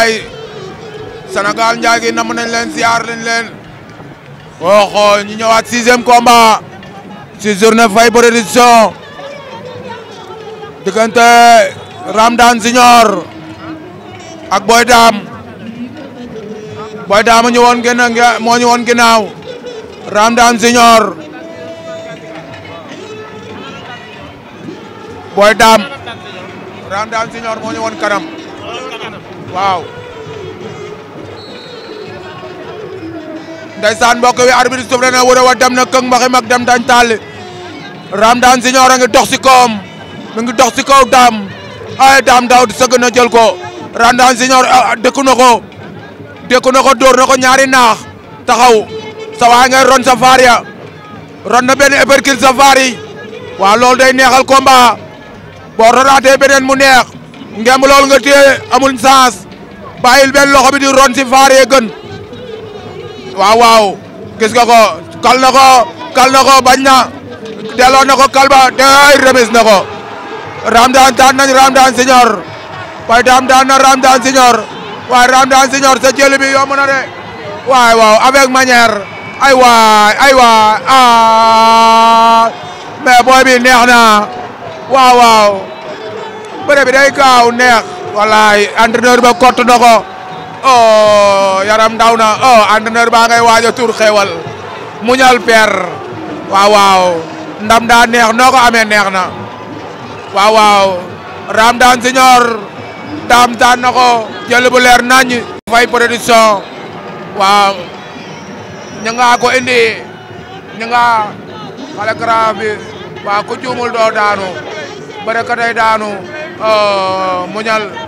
ay Sénégal njaagi nam nañ leen siyaar nañ leen oxo ñu ñëwaat sixième combat si journée Faye production diggante Ramdan Junior ak Boy Dam Boy Dam ñu woon ginnaaw moo ñu woon ginnaaw Ramdan Junior Boy Dam Ramdan moo ñu woon kanam waaw ndeysaan mbokk wi arbitre suuf na wa dem na këng mbaxe mag dem dañ tàlli Ramdan Junior a ngi dox si kawam mi ngi dox si kaw daam ay daam daaw di na jël ko Ramdan Junior ah, ah, dëkku na ko dëkku ko dóor ko ñaari naax taxaw sa ngay ron sa ya ron na benn épercule sa faar yi loolu day neexal combat boo ronaatee beneen mu neex ngemb nga téye amul saas bàyyil benn loxo bi di ron si faar yee waaw waaw gis ko kal na ko kal na ko bañ na delloo na ko kal ba day remis na ko Ramdan daan nañ Ramdan Senior waaye daam daan na Ramdan Senior waaye Ramdan Senior sa jëli bi yomb na de waaye waaw avec manière ay waay ay waay ah mais bi neex na waaw waaw bëre bi day gaaw neex wallaay entraîneur ba kott na ko oh, yaram daw na oh entraîneur baa ngay waaj a tur xewal muñal per waaw ndam daa neex noo ko amee neex na waaw waaw Ramdan Senior daam daan na ko jël nañ fay production waaw ñu nga ko indi ñu nga xale bi waaw ku juumul doo daanu bëre ka day daanu Euh, mondial